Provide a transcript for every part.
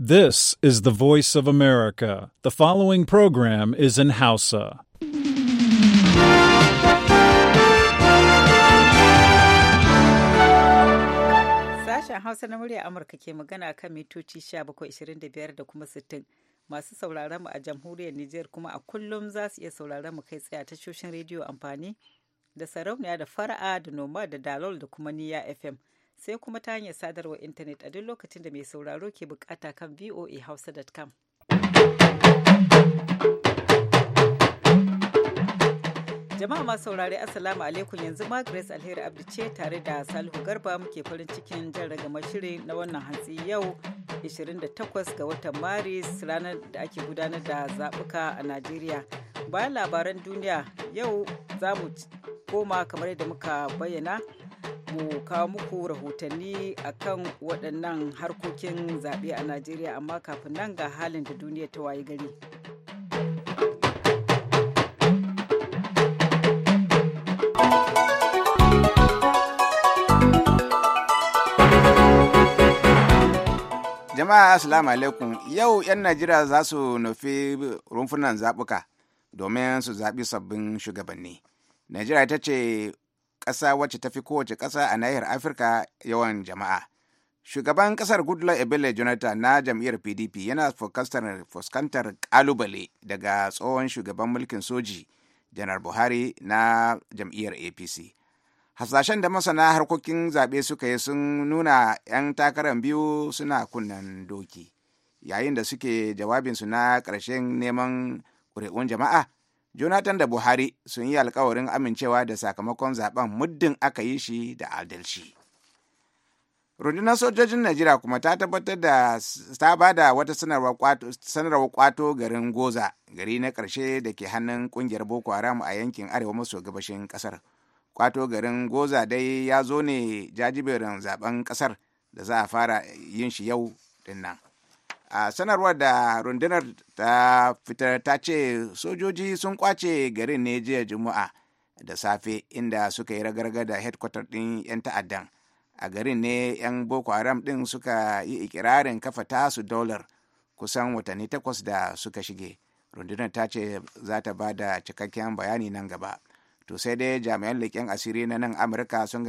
This is the voice of America. The following program is in Hausa. Sashen Hausa na murya Amurka ke magana kan mitoci 1725 da kuma 60. Masu sauraron mu a jamhuriyar Nijar kuma a kullum za su iya sauraron mu kai tsaye a tashoshin rediyo amfani da sarauniya da fara'a da noma da dalol da kuma niya FM. sai kuma ta hanyar sadarwar intanet a duk lokacin da mai sauraro ke bukata kan voahausa.com. jama'a masu saurare assalamu alaikum yanzu ma grace alheri abdu ce tare da salihu garba muke farin cikin jan shirin na wannan hantsi yau 28 ga watan maris ranar da ake gudanar da zabuka a najeriya bayan labaran duniya yau za mu koma kamar yadda muka bayyana mu kawo muku rahotanni akan waɗannan harkokin zaɓe a najeriya amma kafin nan ga halin da duniya ta wayi gari jama'a assalamu alaikum yau 'yan najeriya za su nufi rumfunan zaɓuka domin su zaɓi sabbin shugabanni najeriya ta ce ƙasa wacce ta fi kowace ƙasa a nahiyar afirka yawan jama'a shugaban ƙasar goodluck ebele jonathan na jam'iyyar pdp yana fuskantar ƙalubale daga tsohon shugaban mulkin soji janar buhari na jam'iyyar apc hasashen da masana harkokin zaɓe suka yi sun nuna 'yan takarar biyu suna kunnen doki yayin da suke jawabinsu na ƙarshen neman ƙuri'un jama'a jonathan da buhari sun yi alkawarin amincewa da sakamakon zaben muddin aka yi shi da adalci rundunar sojojin najeriya kuma ta tabbatar da ta ba da wata sanarwar kwato garin goza gari na ƙarshe da ke hannun ƙungiyar boko haram a yankin arewa maso gabashin ƙasar kwato garin goza dai ya zo ne jajiberin zaben ƙasar da za a fara yin shi yau dinnan. a sanarwar da rundunar ta fitar ta ce sojoji sun kwace garin ne jiya juma'a da safe inda suka yi ragargar da headquarter din 'yan ta'addan a garin ne 'yan boko haram din suka yi ikirarin kafa tasu dolar kusan watanni takwas da suka shige rundunar ta ce za ta ba da cikakken bayani nan gaba to sai dai jami'an leƙen asiri na nan amurka sun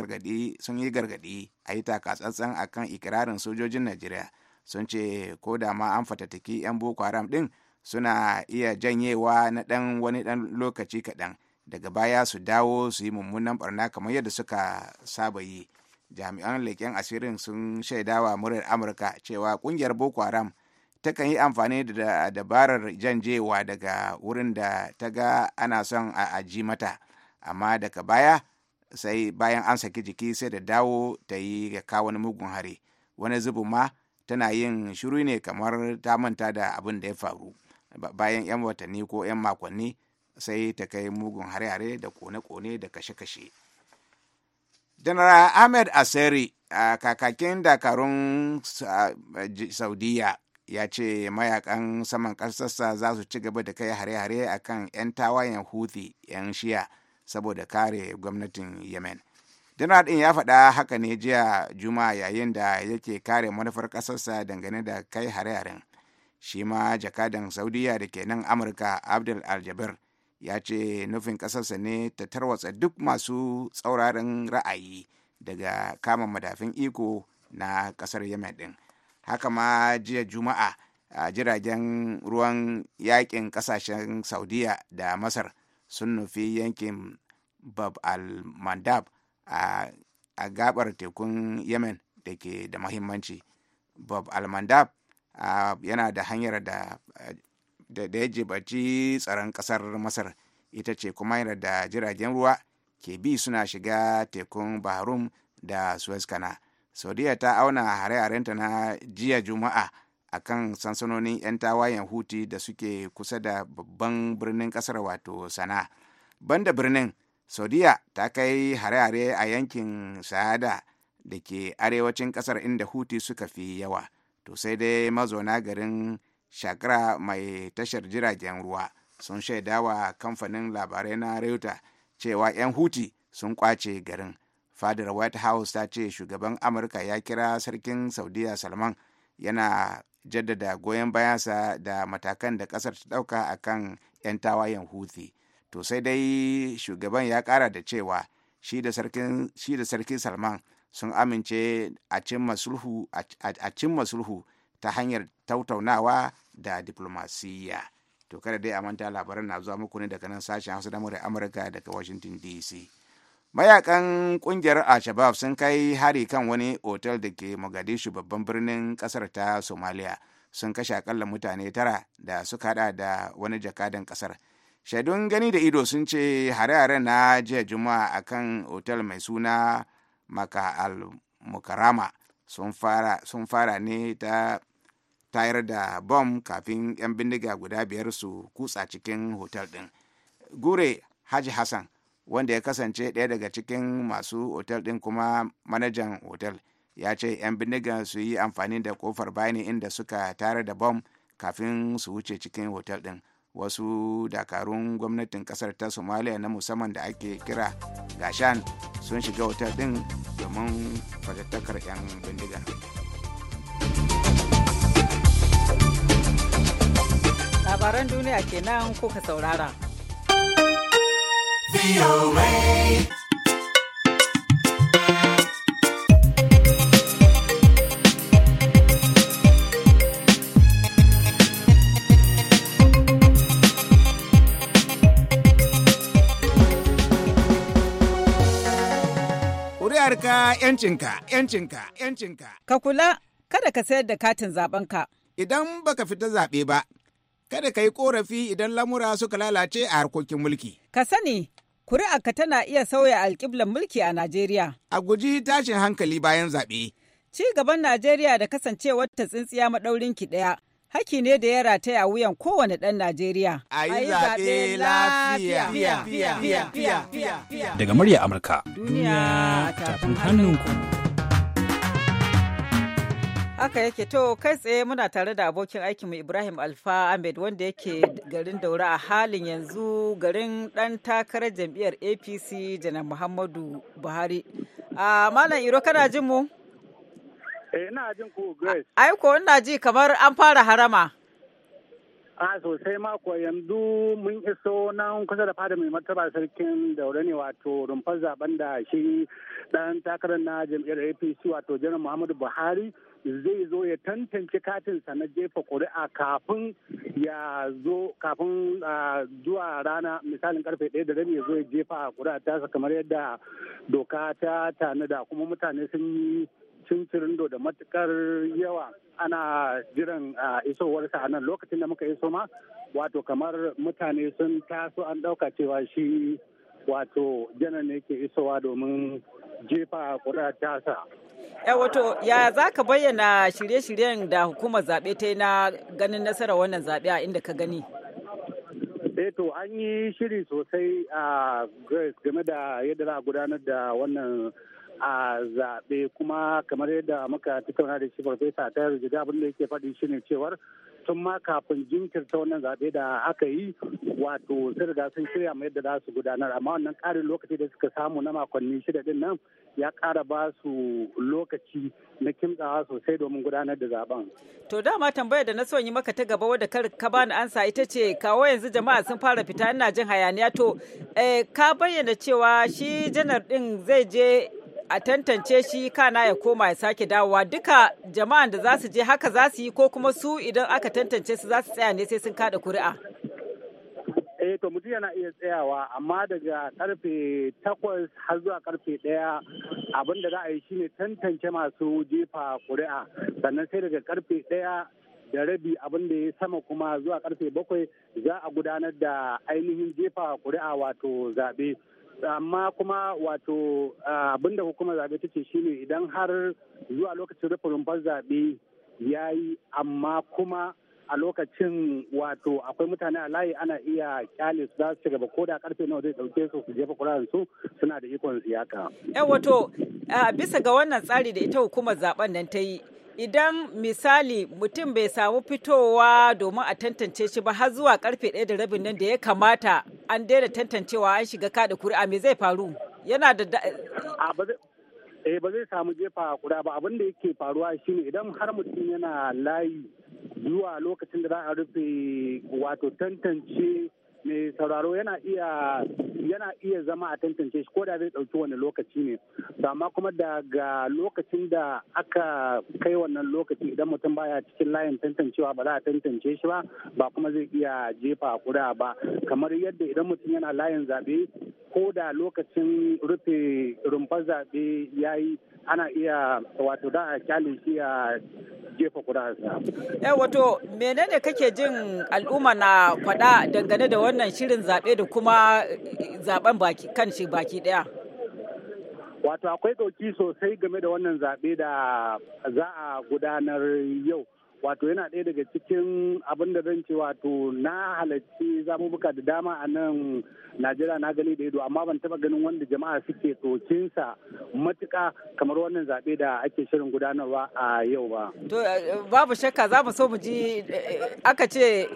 yi gargaɗi a yi takatsantsan akan ikirarin sojojin najeriya sun ce ko da ma an fatattaki 'yan boko haram ɗin suna iya janyewa na ɗan wani ɗan lokaci kaɗan daga baya su dawo su yi mummunan barna kamar yadda suka saba yi jami'an leƙen asirin sun shaidawa muryar amurka cewa ƙungiyar boko haram takan yi amfani da dabarar janjewa daga wurin da ta ga ana son a aji mata amma daga baya sai bayan an saki jiki sai da dawo ta yi ga wani mugun hari wani zubin ma tana yin shiru ne kamar ta manta da abin da ya faru bayan 'yan watanni ko 'yan makonni sai ta kai mugun hare-hare da kone-kone da kashe-kashe janaral ahmed aseri a kakakin dakarun saudiya ya ce mayakan saman ƙasarsa za su ci gaba da kai hare-hare a kan 'yan tawayen huthi 'yan shiya saboda kare gwamnatin yemen janar ɗin ya faɗa haka ne jiya juma yayin da yake kare manufar ƙasarsa dangane da kai hare-haren shi ma jakadan saudiya da ke nan amurka abdul aljabir ya ce nufin ƙasarsa ne ta tarwatsa duk masu tsauraran ra'ayi daga kama madafin iko na ƙasar yemen ɗin haka ma jiya juma'a a jiragen ruwan yakin ƙasashen saudiya da masar sun nufi yankin bab al-mandab a gabar tekun yemen da ke da mahimmanci bob almandab yana da hanyar da da ya tsaron kasar masar ita ce kuma yana da jiragen ruwa ke bi suna shiga tekun bahrum da suez kana saudiya ta auna hare-harenta na jiya juma'a a kan sansanonin 'yan tawayen huti da suke kusa da babban birnin kasar wato sana'a banda birnin saudiya ta kai hare-hare a yankin sahada da ke arewacin kasar inda huti suka fi yawa to sai dai mazauna garin shakara mai tashar jiragen ruwa sun shaidawa kamfanin labarai na reuter cewa 'yan huti sun kwace garin fadar white house ta ce shugaban amurka ya kira sarkin saudiya salman yana jaddada goyon bayansa da matakan da kasar ta dauka kan 'yan tawayen huti to sai dai shugaban ya kara da cewa shi da sarki salman sun amince a cimma sulhu ta hanyar tautaunawa da diplomasiya to kada dai a manta labaran na zuwa muku ne daga nan sashen hausa da amurka daga washington dc mayakan kungiyar al-shabab sun kai hari kan wani otal da ke mogadishu babban birnin kasar ta somaliya sun kashe akalla mutane tara da suka hada da wani jakadan kasar shaidun gani da ido sun ce hare-hare na jiya juma'a akan otal mai suna maka al-mukarama sun fara ne ta tayar da bom kafin 'yan bindiga guda biyar su kutsa cikin hotel din gure haji hassan wanda ya kasance ɗaya daga cikin masu otal din kuma manajan otal ya ce 'yan bindiga su yi amfani da kofar bayani inda suka tayar da bom kafin su wuce cikin hotel din. wasu dakarun gwamnatin kasar ta somaliya na musamman da ake kira gashan sun shiga wuta din domin fatattakar 'yan bindiga. labaran duniya kenan kuka saurara. jihar ka yancinka yancinka yancinka ka kula kada ka sayar da katin zaben ka idan baka fita zaɓe ba kada ka yi korafi idan lamura suka lalace a harkokin mulki ka sani kuri'arka tana iya sauya alƙiblar mulki a najeriya a guji tashin hankali bayan zaɓe ci gaban najeriya da kasancewar ta tsintsiya maɗaurin ki ɗaya haki ne da ya rataya wuyan kowane ɗan Najeriya. A yi zaɓe lafiya. Daga murya Amurka. Duniya tafin hannunku. Haka yake to kai tsaye muna tare da abokin aikinmu Ibrahim Alfa Ahmed wanda yake garin daura a halin yanzu garin ɗan takarar jam'iyyar APC janar Muhammadu Buhari. Ah, Malam Iro kana jin mu? Eh, ina jin ku Grace. Ai ko ina ji kamar an fara harama. A sosai mako yanzu mun iso nan kusa da fada mai martaba sarkin daure ne wato rumfar zaben da shi dan takarar na jam'iyyar APC wato janar Muhammadu Buhari zai zo ya tantance katinsa na jefa kuri'a kafin ya zo kafin zuwa rana misalin karfe ɗaya da rami ya zo ya jefa kuri'a tasa kamar yadda doka ta tanada kuma mutane sun yi sirindo da matukar yawa ana jiran isowarsa a nan lokacin da muka iso ma wato kamar mutane sun taso an ɗauka cewa shi wato janar ne ke isowa domin jefa kuɗa Ya eh, wato ya za ka bayyana shirye-shiryen da hukumar zaɓe ta yi na ganin nasara wannan zaɓe a inda ka gani? eto eh, to an yi shiri sosai a game da yadda za a gudanar da wannan a zaɓe kuma kamar yadda muka tattauna da shi farfesa ta rijiga abin da yake faɗi shine cewar tun ma kafin jinkirta wannan zaɓe da aka yi wato sun riga sun shirya mai yadda za su gudanar amma wannan ƙarin lokaci da suka samu na makonni shida din nan ya ƙara ba su lokaci na kimtsawa sosai domin gudanar da zaben. To dama tambayar da na son yi maka ta gaba wadda ka bani ansa ita ce kawo yanzu jama'a sun fara fita ina jin hayaniya to eh, ka bayyana cewa shi janar din zai je a tantance shi kana ya koma ya sake dawowa duka jama'an da za su je haka za su yi ko kuma su idan aka tantance su za su tsaya ne sai sun kada kuri'a eh to mutum yana iya tsayawa amma daga karfe takwas har zuwa karfe ɗaya abin da za a yi shine tantance masu jefa kuri'a sannan sai daga karfe ɗaya da rabi abin da ya sama kuma zuwa karfe bakwai za a gudanar da ainihin jefa kuri'a wato zaɓe amma kuma wato abinda hukumar zaɓe ta ce shine idan har zuwa lokacin rufe rumfar zaɓe ya yi amma kuma a lokacin wato akwai mutane a layi ana iya kyale su za su gaba ko da karfe nawa zai dauke su su jefa kuran su suna da ikon siyaka. Yan wato bisa ga wannan tsari da ita hukumar zaben nan ta yi idan misali mutum bai samu fitowa domin a tantance shi ba har zuwa karfe ɗaya da rabin nan da ya kamata an daina tantancewa an shiga kada kuri'a me zai faru yana da eh ba zai samu jefa kuri'a ba abin da yake faruwa shine idan har mutum yana layi zuwa lokacin da za a rufe wato tantance mai sauraro yana iya zama a tantance shi ko da zai ɗauki wani lokaci ne amma kuma daga lokacin da aka kai wannan lokaci idan mutum baya cikin layin tantancewa ba za a tantance shi ba ba kuma zai iya jefa kura ba kamar yadda idan mutum yana layin zaɓe ko da lokacin rufe rumfar zaɓe ya yi ana iya wato da a kyale shi jefa eh, wato menene kake jin al'umma na faɗa dangane da wannan shirin zaɓe da kuma eh, zaɓen kan shi baki ɗaya? Wato akwai ɗauki sosai game da wannan zaɓe da za a gudanar yau. wato yana ɗaya daga cikin abin da zan ce wato na halarci zamubuka da dama a nan najeriya na gani da ido amma ban taba ganin wanda jama'a suke tsokinsa matuka kamar wannan zaɓe da ake shirin gudanarwa a yau ba to eh, babu shakka za mu so mu ji eh, aka ce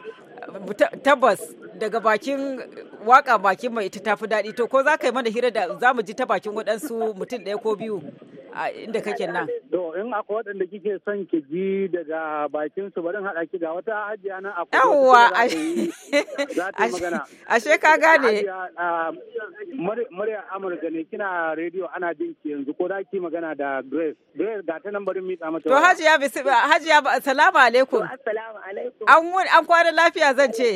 tabbas daga bakin waka bakin mai ita tafi daɗi to ko za ka yi mana hira da za mu ji ta bakin waɗansu mutum ɗaya ko biyu inda kake nan. To in akwai waɗanda kike son ki ji daga bakin su barin haɗa ki ga wata hajiya nan akwai yawwa ashe ka gane murya amurka ne kina rediyo ana jin ki yanzu ko da ki magana da grace grace ga ta nan barin mitsa mata to hajiya hajiya assalamu alaikum assalamu alaikum an kwana lafiya zan ce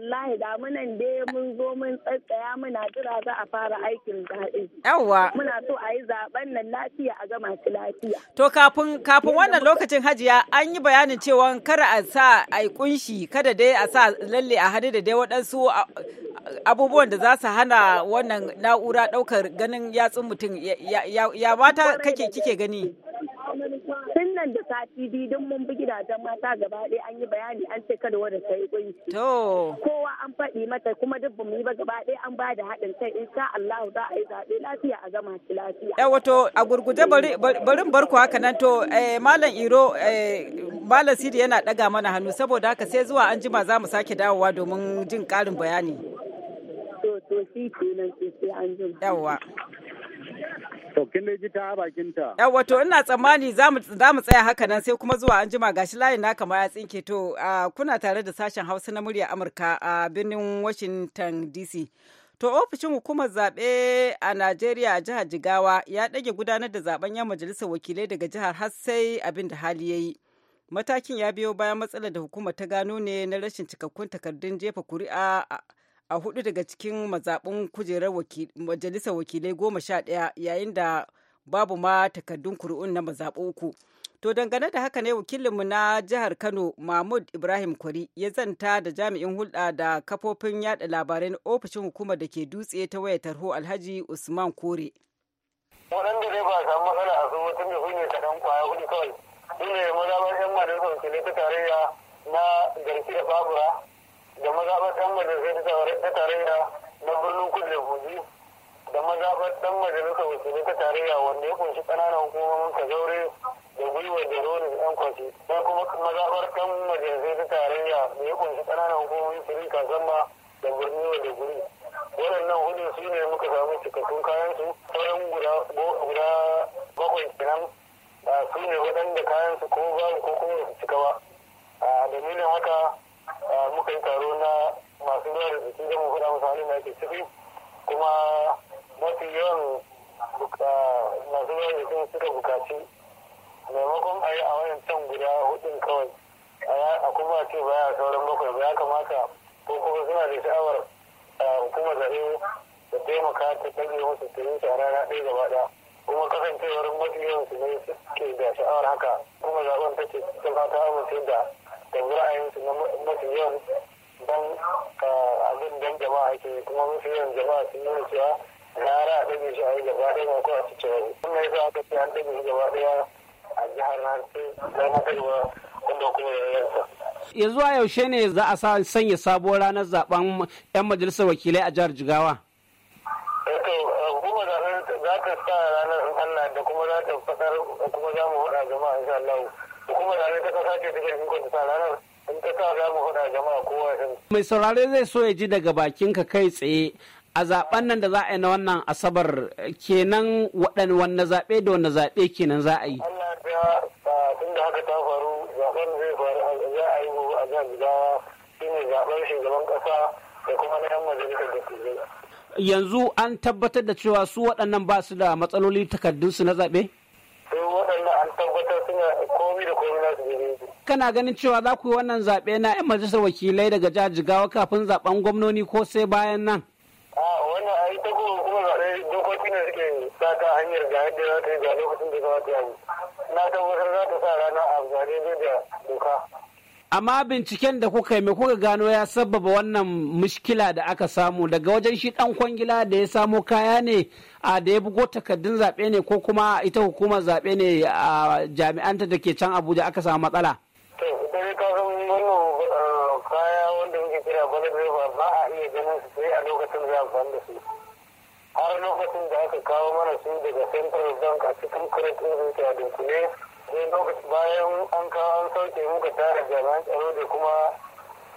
wallahi damunan dai mun zo mun tsatsaya muna jira za a fara aikin zaɓe. Yawwa. Muna so a yi zaɓen nan lafiya a gama shi lafiya. To kafin kafin wannan lokacin hajiya an yi bayanin cewa kar a sa a kunshi kada dai a sa lalle a hannu da dai waɗansu abubuwan da za su hana wannan na'ura ɗaukar ganin yatsun mutum ya mata kake kike gani. nan da sati biyu don mun bi gidajen mata gaba ɗaya an yi bayani an ce kada wadda ta yi To. Kowa an faɗi mata kuma duk mu yi ba gaba ɗaya an ba da haɗin kai in sha Allah za a yi zaɓe lafiya a zama shi lafiya. Yawa to a gurguje barin barko haka nan to eh, Malam Iro eh, Malam Sidi yana ɗaga mana hannu saboda haka sai zuwa an jima za mu sake dawowa domin jin ƙarin bayani. To to shi kenan sai an jima. Yawa. wato kin ji ta ta. Ya to ina tsammani za mu tsaya haka nan sai kuma zuwa anjima gashi layin naka ma ya tsinke to kuna tare da sashen Hausa na murya Amurka a birnin Washington DC. To ofishin hukumar zaɓe a Najeriya a jihar Jigawa ya ɗage gudanar da zaben yan majalisar wakilai daga jihar har sai abin da hali ya yi. Matakin ya biyo bayan matsalar da hukumar ta gano ne na rashin cikakkun takardun jefa kuri'a a hudu daga cikin mazaɓin kujerar majalisar wakilai goma sha ɗaya yayin da babu ma takardun kuri'un na mazaɓu uku. To dangane da haka ne wakilinmu na jihar Kano Mahmud Ibrahim Kwari ya zanta da jami'in hulɗa da kafofin yada labarai na ofishin hukumar da ke dutse ta wayar tarho Alhaji Usman Kore. Waɗanda dai ba samu matsala a zuwa tun da su ne kaɗan kwaya kawai. 'yan majalisar wakilai ta tarayya na garki da babura da mazaɓar ɗan majalisar ta tarayya na birnin kudu da da mazaɓar ɗan majalisar wakilai ta tarayya wanda ya kunshi ƙananan hukumomin kazaure da gwiwa da zaune da ɗan kwasi sai kuma mazaɓar ɗan majalisar ta tarayya da ya kunshi ƙananan hukumomin sirri kazamba da birni da guri waɗannan hudu su ne muka samu cikakkun kayan su sauran guda bakwai kenan su ne waɗanda kayan su ko babu ko kuma su cika ba a dalilin haka Eh, muka yi taro na masu ruwa da jiki don mu halin da ciki kuma mafi yawan masu ruwa da jiki suka bukaci maimakon a yi a can guda hudun kawai a kuma ce ba ya sauran bakwai ba ya kamata ko kuma suna da sha'awar hukumar zaɓe da taimaka ta ɗage musu su yi na ɗaya gaba ɗaya kuma kasancewar mafi yawan su ne suke da sha'awar haka kuma zaɓen ta ce sun fata amince da da su na mafi yawan don abin don jama'a ke kuma mafi yawan jama'a sun nuna cewa gara a ɗage shi a yi gaba ɗaya mako a cikin wani wannan yasa aka ce an ɗage shi gaba ɗaya a jihar Nancy don makarwa wanda kuma ya yarsa. ya zuwa yaushe ne za a sanya sabuwar ranar zaben 'yan majalisar wakilai a jihar jigawa hukumar eh eh, zaben za ta sa ranar Allah da kuma za ta fasar kuma za mu faɗa jama'a insha Allah kuma ranar ta kasa ce take hukunta ranar in ta sa za mu faɗa jama'a kowa ya mai saurare zai so ya ji daga bakinka kai tsaye a zaben nan da za a yi na wannan asabar kenan waɗanne wanne zaɓe da wanne zaɓe kenan za a yi. Allah ya tun da haka ta faru zaben zai faru a za a yi gobe a jihar Jigawa ne zaben shugaban ƙasa da kuma na 'yan majalisar da yanzu an tabbatar da cewa su waɗannan ba su da matsaloli takardunsu na zaɓe? Kana ganin cewa za ku yi wannan zaɓe na 'yan majalisar wakilai daga Jigawa kafin zaɓen gwamnoni ko sai bayan nan? A wannan a da amma binciken da kuka yi mai kuka gano ya sababa wannan mushkila da aka samu daga wajen shi ɗan kwangila da ya samo kaya ne a da ya bugo takardun zaɓe ne ko kuma ita hukumar zaɓe ne a jami'anta da ke can abuja aka samu matsala to idan ka san wannan kaya wanda muke kira ballot paper ba a iya ganin su sai a lokacin da da su har lokacin da aka kawo mana su daga central bank a cikin kuretin zuciya ne sai lokacin bayan an kawo an sauke muka tara jami'an tsaro da kuma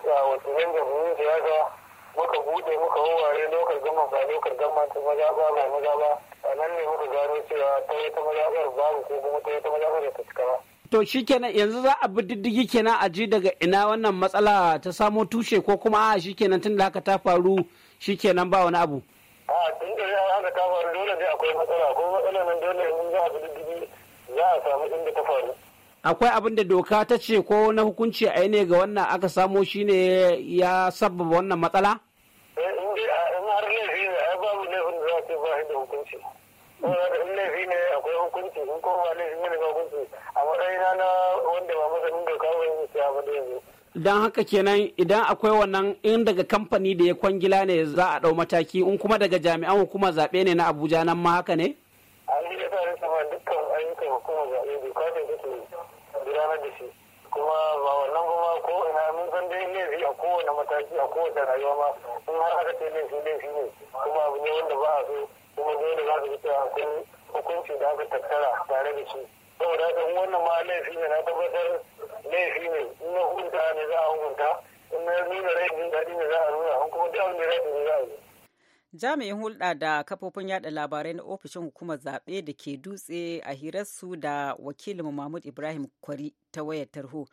wakilan jamhuriyar siyasa muka bude muka wuware lokar gama ba lokar gama ta maza ba ba maza ba a nan ne muka gano cewa ta wata mazaɓar babu ko kuma ta ta mazaɓar da ta cika ba. To shi kenan yanzu za a bi diddigi kenan a ji daga ina wannan matsala ta samo tushe ko kuma a shi kenan tun da haka ta faru shi kenan ba wani abu. A tun da ya haka ta faru dole ne akwai matsala ko matsala nan dole in za a bi diddigi za a samu inda ta faru. akwai abin da doka ta ce ko na hukunci a ne ga wannan aka samo shi ne ya sabbaba wannan matsala? Eh, in har laifi ne ne laifin akwai hukunci in kowa laifi ne ba hukunci a matsayina na wanda ba masanin doka ba yanzu sai abin da yanzu don haka kenan idan akwai wannan in daga kamfani da ya kwangila ne za a dau mataki in kuma daga jami'an hukuma zaɓe ne na abuja nan ma haka ne? an yi yasa rasa dukkan ayyukan hukumar zaɓe doka da take gudanar da shi kuma ba wannan kuma ko ina mun san dai laifi a kowane mataki a kowace rayuwa ma in har aka ce laifi laifi ne kuma abu ne wanda ba a so kuma dole za su fita cewa hukunci da aka tattara tare da shi saboda haka wannan ma laifi ne na tabbatar laifi ne in na hukunta ne za a hukunta in na nuna rai jin daɗi ne za a nuna in kuma duk abin da rai ne za a yi jami'in hulɗa da kafofin yada labarai na ofishin hukumar zaɓe da ke dutse a hirarsu da wakilin mahmud ibrahim kwari ta wayar tarho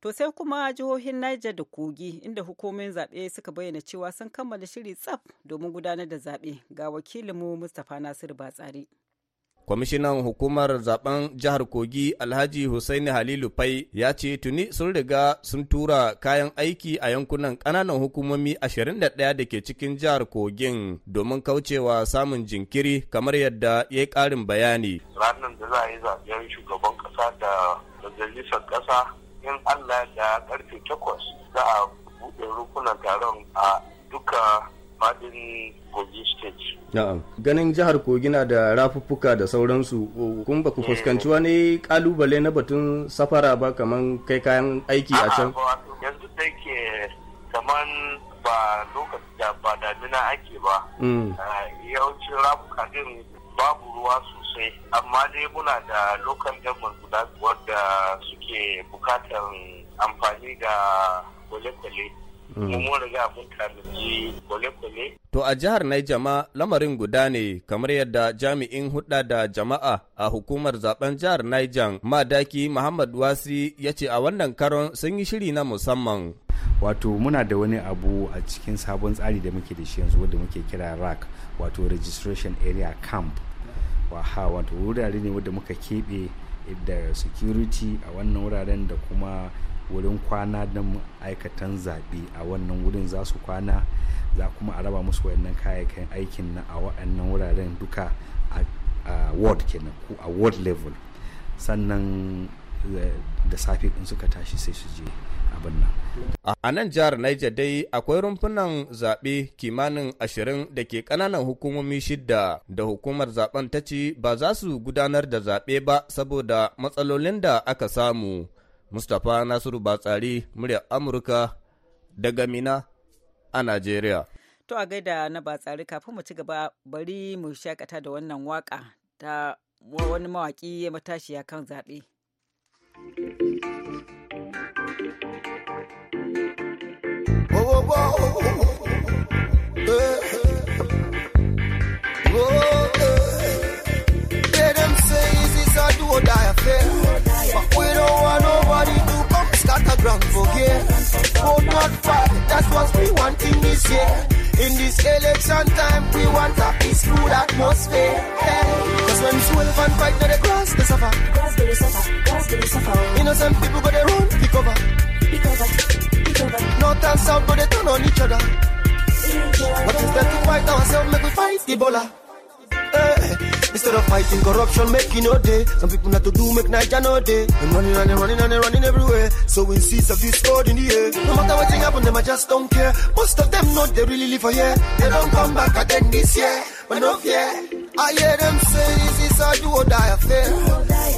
to sai kuma jihohin niger da kogi inda hukumomin zaɓe suka bayyana cewa sun kammala shiri tsaf domin gudanar da zaɓe ga wakilinmu mustapha nasiru batsari kwamishinan hukumar zaben jihar kogi alhaji hussaini halilu fai ya ce tuni sun riga sun tura kayan aiki a yankunan kananan hukumomi 21 da ke cikin jihar kogin domin kaucewa samun jinkiri kamar yadda ya yi ƙarin bayani ranar da za a yi zaben shugaban ƙasa da majalisar ƙasa in allah da karfe takwas za a buɗe rukunan taron a duka faɗin kogi state na'am ganin jihar kogi na da rafuffuka da sauransu kun ba ku eh. fuskanci wani kalubale na batun safara ba kaman kai kayan aiki a can yanzu sai ke kaman ba lokaci da ba damina ake ba mm. ah, yawancin rafuka din babu ruwa sosai amma dai muna da lokal damar guda wadda suke bukatan amfani da kwale-kwale To a jihar Niger ma lamarin guda ne kamar yadda jami'in hudda da jama'a a hukumar zaben jihar Niger Madaki Muhammad Wasi ya ce a wannan karon sun yi shiri na musamman. Wato muna da wani abu a cikin sabon tsari da muke da shi yanzu wadda muke kira RAC wato Registration Area Camp. Waha wato wurare ne wadda muka keɓe da security a wannan wuraren da kuma wurin kwana da aikatan zaɓe a wannan wurin za su kwana za kuma a raba musu wayannan kayayyakin aikin na a waɗannan wuraren duka a ward kenan ko a ward level sannan eh, da safe in suka tashi sai su je abin nan. A nan jihar Niger dai akwai rumfunan zaɓe kimanin ashirin da ke ƙananan hukumomi shidda da hukumar zaben ta ce ba za su gudanar da zaɓe ba saboda matsalolin da aka samu. Mustapha Nasiru Batsari, muryar Amurka daga Mina a Najeriya. To a gaida na Batsari kafin mu ci gaba bari mu shakata da wannan waka ta wani mawaki ya matashiya kan zaɓe. Oh, oh, oh, oh, oh. Hey. wrong for years. Vote not fight, that's what we want in this year. In this election time, we want a peaceful atmosphere. Cause when twelve and fight, now the grass they suffer. Grass they suffer, grass they suffer. Innocent people go they run, pick over. Pick over, pick over. North and south go they turn on each other. What is that to fight ourselves, make we fight Ebola. Instead of fighting corruption, make no day. Some people not to do make night no day. And running and running and running everywhere. So we see of this in the air. No matter what thing happen, them I just don't care. Most of them know they really live for here. They don't come back again this year. But no fear. I hear them say this is a do or die affair.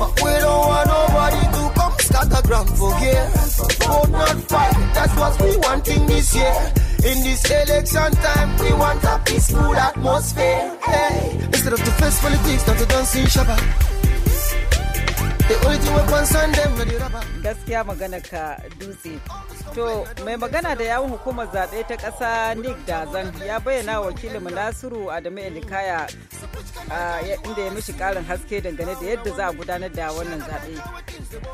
But we don't want nobody to come scatter ground for here. Vote not fight, that's what we wanting this year. In this election time, we want a peaceful atmosphere. Hey. Instead of the first politics, not the dancing shabba. The only thing we concern them with the rubber. Gaskiya magana ka dutse. To mai magana da yawun hukumar zaɓe ta ƙasa Nick zan ya bayyana wakilinmu Nasiru Adamu Elikaya inda ya mishi ƙarin haske dangane da yadda za a gudanar da wannan zaɓe.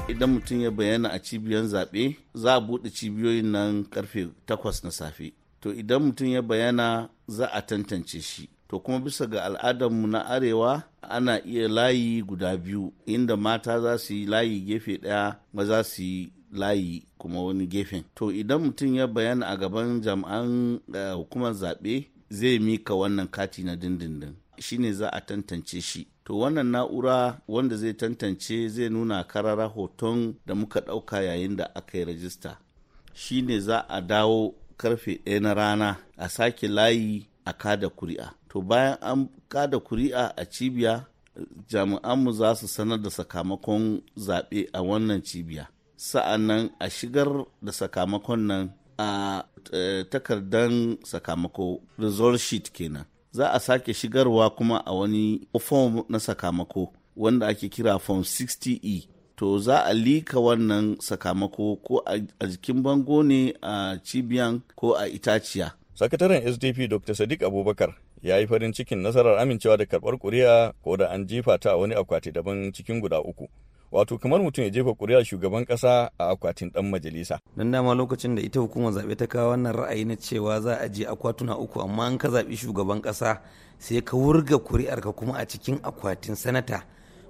Idan mutum ya bayyana a cibiyar zaɓe za a buɗe cibiyoyin nan karfe takwas na safe. To idan mutum ya bayyana za a tantance shi. To kuma bisa ga al'adarmu na arewa ana iya layi guda biyu inda mata za su yi layi gefe ɗaya maza su yi layi kuma wani gefen to idan mutum ya bayana a gaban jami'an eh, hukumar zaɓe zai mika wannan kati na dindindin ne za a tantance shi to wannan na'ura wanda zai tantance zai nuna karara hoton da muka ɗauka yayin da aka yi rajista ne za a dawo karfe ɗaya na rana a sake layi a kada kuri'a to bayan an kada kuri'a a cibiya jami'anmu za su sanar da sakamakon zaɓe a wannan cibiya nan a shigar da sakamakon nan a e, takardar sakamako result sheet kenan za a sake shigarwa kuma a wani form na sakamako wanda ake kira form 60e to za a lika wannan sakamako ko a jikin bango ne a cibiyan ko a itaciya sakataren sdp dr sadiq abubakar ya yi farin cikin nasarar amincewa da karbar kuri'a ko da an jefa ta a wani akwati daban cikin guda uku wato kamar mutum ya jefa ƙuri'ar shugaban kasa a akwatin ɗan majalisa. dan dama lokacin da ita hukumar zaɓe ta kawo wannan ra'ayi na cewa za a je akwatuna uku amma an ka zaɓi shugaban kasa sai ka wurga kuri'ar ka kuma a cikin akwatin sanata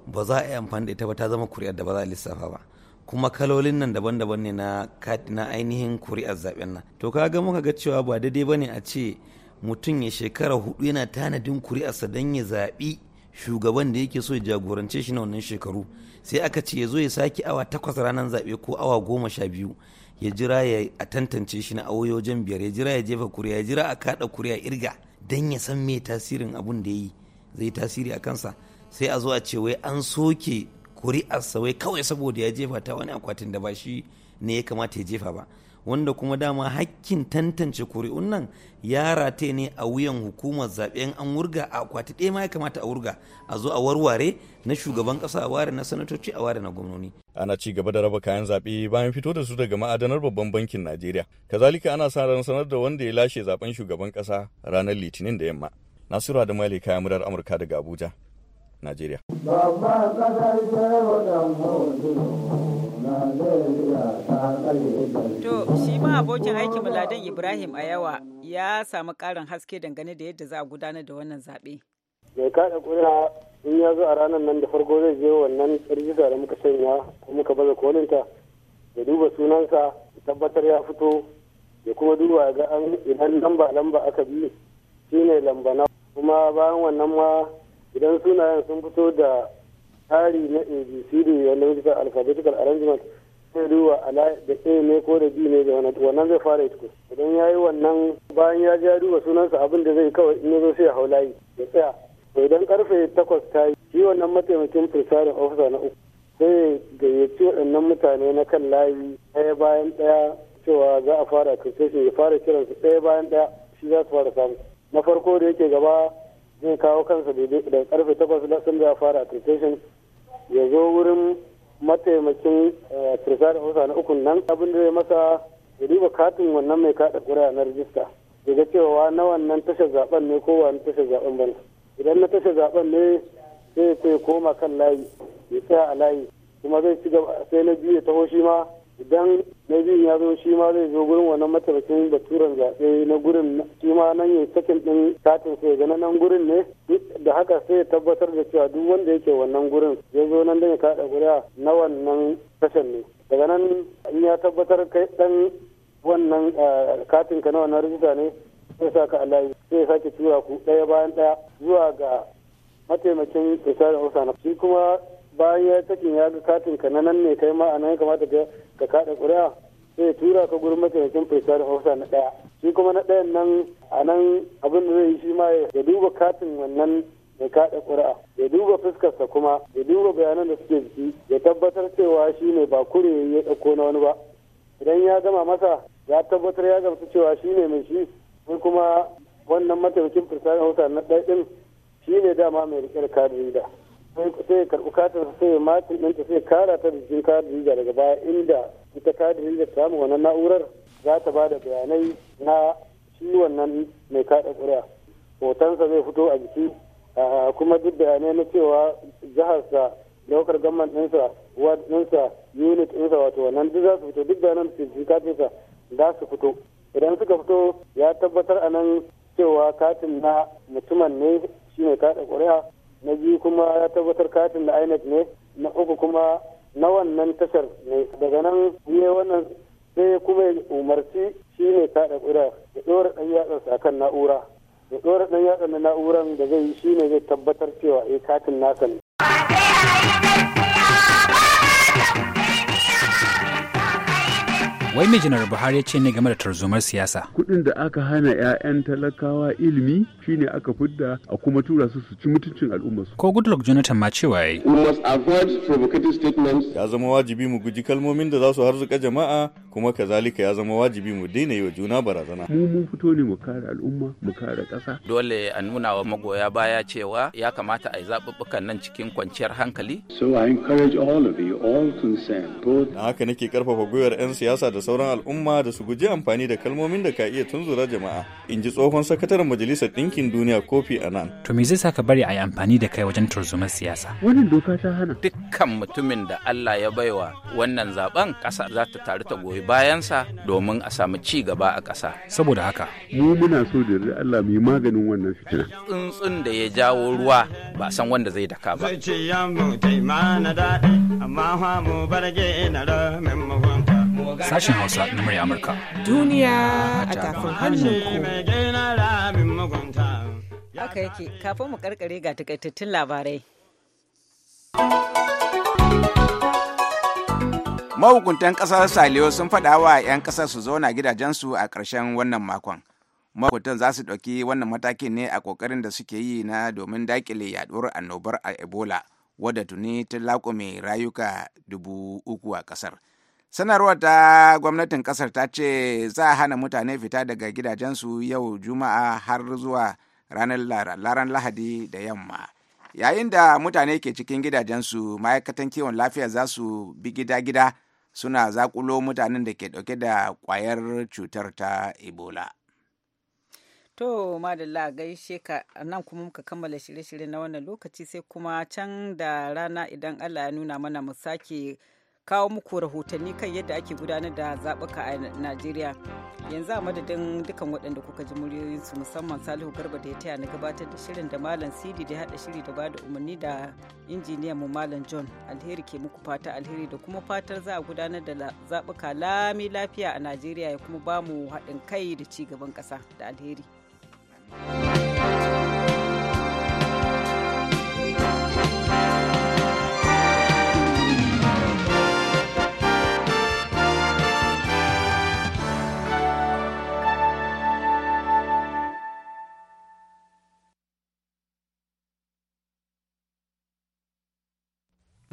ba za a yi amfani da ita ba ta zama ƙuri'ar da ba za a lissafa ba. kuma kalolin nan daban-daban ne na na ainihin kuri'ar zaɓen nan to kaga muka ga cewa ba daidai ne a ce mutum ya shekara hudu yana tanadin kuri'arsa don ya zaɓi shugaban da yake so ya jagorance shi na wannan shekaru sai aka ce ya zo ya sake awa takwas ranar zaɓe ko awa goma sha biyu ya jira ya a tantance shi na awoyi wajen biyar ya jira ya jefa kuriya ya jira a kaɗa kuriya irga don ya san me tasirin abun da ya yi zai tasiri a kansa sai a zo a ce wai an soke kuri'arsa wai kawai saboda ya jefa ta wani akwatin da ba shi ne ya kamata ya jefa ba wanda kuma dama hakkin tantance kuri'un nan ya rataye ne a wuyan hukumar zaɓen an wurga a akwati ɗaya ma ya kamata a wurga a zo a warware na shugaban ƙasa a ware na sanatoci a ware na gwamnoni. ana ci gaba da raba kayan zaɓe bayan fito da su daga ma'adanar babban bankin najeriya kazalika ana sa ran sanar da wanda ya lashe zaben shugaban ƙasa ranar litinin da yamma nasiru da mali kayan murar amurka daga abuja najeriya to shi ma abokin aikin Muladin ibrahim a yawa ya samu ƙarin haske dangane da yadda za a gudanar da wannan zaɓe. mai kaɗa ƙuri'a in ya zo a ranar nan da farko zai je wannan rijista da muka sanya ko muka baza kolinta ya duba sunansa tabbatar ya fito ya kuma duba ga an idan lamba lamba aka bi shine lamba na kuma bayan wannan ma idan sunayen sun fito da tsari na abcd ya muke sa alphabetical arrangement sai ruwa ala da a ne ko da b ne da wannan zai fara ita idan ya yi wannan bayan ya ja duba sunansa abin da zai kawai in ya zo sai ya hau layi ya tsaya to idan karfe takwas ta yi shi wannan mataimakin presiding ofisa na uku sai ya gayyaci waɗannan mutane na kan layi ɗaya bayan ɗaya cewa za a fara kirkirki ya fara kiransu ɗaya bayan ɗaya shi za su fara samu na farko da yake gaba zai kawo kansa daidai idan karfe takwas na sun da fara application ya zo wurin mataimakin eh, da hausa na ukun nan abin da zai masa ya duba katin wannan mai kada kuri'a na rijista daga cewa na wannan tashar zaben ne ko wani tashar zaben ba idan na tashar zaben ne sai ya koma kan layi ya tsaya a layi kuma zai ci gaba sai na biyu ya taho shi ma idan na biyun ya zo shi ma zai zo gurin wannan mataimakin baturen zaɓe na gurin shi ma nan ya sakin ɗin katin sai ga nan gurin ne da haka sai ya tabbatar da cewa duk wanda yake wannan gurin ya zo nan da ya kaɗa ƙuri'a na wannan sashen ne daga nan in ya tabbatar kai ɗan wannan katin ka na wannan rijista ne sai sa ka alayi sai ya sake tura ku ɗaya bayan ɗaya zuwa ga mataimakin hausa na shi kuma bayan ya cikin ya ga katin ka na nan ne kai ma anan ya kamata ka kaɗa ƙuri'a sai tura ka gurin mataimakin faisal hausa na ɗaya shi kuma na dayan nan a nan abin da zai yi shi ma ya duba katin wannan mai kaɗa ƙuri'a ya duba fuskarsa kuma ya duba bayanan da suke jiki ya tabbatar cewa shi ne ba kure ya ɗauko na wani ba idan ya gama masa ya tabbatar ya gamsu cewa shi ne mai shi sai kuma wannan mataimakin da hausa na ɗaya ɗin shi ne dama mai riƙe da kadin sai ya karɓi katar sai ya matin ɗinta sai kara ta jikin kadirija daga baya inda ita kadirija ta samu wannan na'urar za ta ba da bayanai na shi wannan mai kaɗa ƙuri'a hotonsa zai fito a jiki ah, kuma duk bayanai na cewa jiharsa daukar gamman ɗinsa ward ɗinsa unit ɗinsa wato wannan duk za su fito duk bayanan jikin katinsa za su fito idan suka fito ya tabbatar a nan cewa katin na mutumin ne shi mai kaɗa ƙuri'a na biyu kuma ya tabbatar katin da inec ne na uku kuma na wannan tashar ne daga nan biye wannan sai kuma umarci shi ne da ƙura da ɗora ɗan yatsa a kan na'ura da ɗora ɗan yatsa na na'uran da zai shi ne zai tabbatar cewa ya eh, katin nasa ne wai mai janar buhari ce ne game da tarzomar siyasa kuɗin da aka hana 'ya'yan talakawa ilimi shine aka fidda a kuma tura su su ci mutuncin al'ummarsu ko goodluck jonathan ma cewa yayi ya zama wajibi mu guji kalmomin da za su harzuka jama'a kuma kazalika ya zama wajibi mu daina yi wa juna barazana. Mu mun fito ne mu kare al'umma mu kare ƙasa. Dole a nuna wa magoya baya cewa ya kamata a yi zaɓuɓɓukan nan cikin kwanciyar hankali. So I encourage all of you all concerned. Na haka nake ƙarfafa gwiwar 'yan siyasa da sauran al'umma da su guji amfani da kalmomin da ka iya tunzura jama'a. In ji tsohon sakataren majalisar ɗinkin duniya Kofi Annan. To me zai saka bari a yi amfani da kai wajen turzumar siyasa? Wannan doka ta hana. Dukkan mutumin da Allah ya baiwa wannan zaben ƙasa za ta taru ta goyi bayansa domin a samu ci gaba a ƙasa. Saboda haka. Mu muna so da Allah mu yi maganin wannan fitina. Tsuntsun da ya jawo ruwa ba san wanda zai daka ba. Zai ce taimana daɗi amma mu barge na mugunta. Sashen Hausa na murya Amurka. Duniya a tafin hannunku. Haka yake kafin mu karkare ga takaitattun labarai. mahukuntan ƙasar saliyo sun faɗa wa 'yan ƙasar su zauna gidajensu a ƙarshen wannan makon mahukuntan za su ɗauki wannan matakin ne a ƙoƙarin da suke yi na domin daƙile yaɗuwar annobar a ebola wadda tuni ta laƙume rayuka dubu uku a ƙasar sanarwar ta gwamnatin ƙasar ta ce za a hana mutane fita daga gidajensu yau juma'a har zuwa ranar laran lahadi da yamma yayin da mutane ke cikin gidajensu ma'aikatan kiwon lafiya za su bi gida-gida suna zakulo mutanen da ke dauke da kwayar cutar ta ebola To madalla gaishe ka nan kuma muka kammala shirye-shirye na wannan lokaci sai kuma can da rana idan Allah ya nuna mana mu sake kawo muku rahotanni kan yadda ake gudanar da zaɓuka a Najeriya. Yanzu a madadin dukan waɗanda kuka ji muryoyinsu musamman Salihu Garba da ya taya na gabatar da shirin da Malam Sidi da haɗa shiri da ba da umarni da injiniyan mu Malam John alheri ke muku fata alheri da kuma fatar za a gudanar da zaɓuka lami lafiya a Najeriya ya kuma ba mu haɗin kai da ci gaban ƙasa da alheri. thank you